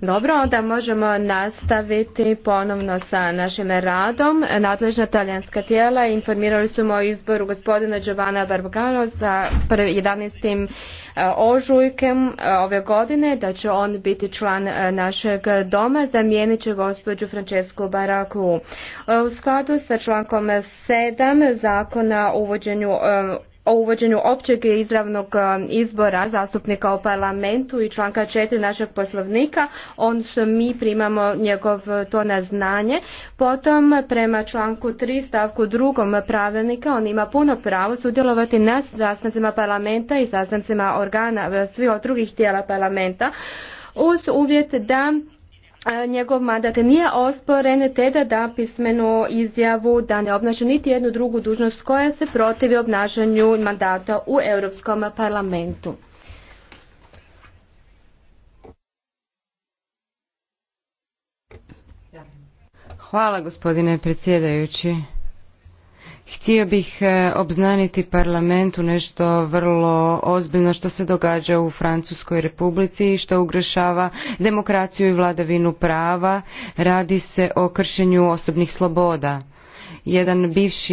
Dobro, onda možemo nastaviti ponovno sa našim radom. Nadležna talijanska tijela informirali su o izboru gospodina Giovanna Barbagano za 11. Eh, ožujkem eh, ove godine, da će on biti član eh, našeg doma, zamijenit će gospođu Francesku Baraku. U skladu sa člankom 7 zakona o uvođenju o uvođenju općeg i izravnog e, izbora zastupnika u parlamentu i članka 4 našeg poslovnika, on mi primamo njegov e, to na znanje. Potom prema članku 3 stavku drugom pravilnika on ima puno pravo sudjelovati na sastancima parlamenta i sastancima organa e, svih drugih tijela parlamenta uz uvjet da njegov mandat nije osporen te da da pismenu izjavu da ne obnaša niti jednu drugu dužnost koja se protivi obnašanju mandata u Europskom parlamentu. Hvala gospodine predsjedajući. Htio bih e, obznaniti parlamentu nešto vrlo ozbiljno što se događa u Francuskoj republici i što ugrešava demokraciju i vladavinu prava. Radi se o kršenju osobnih sloboda. Jedan bivši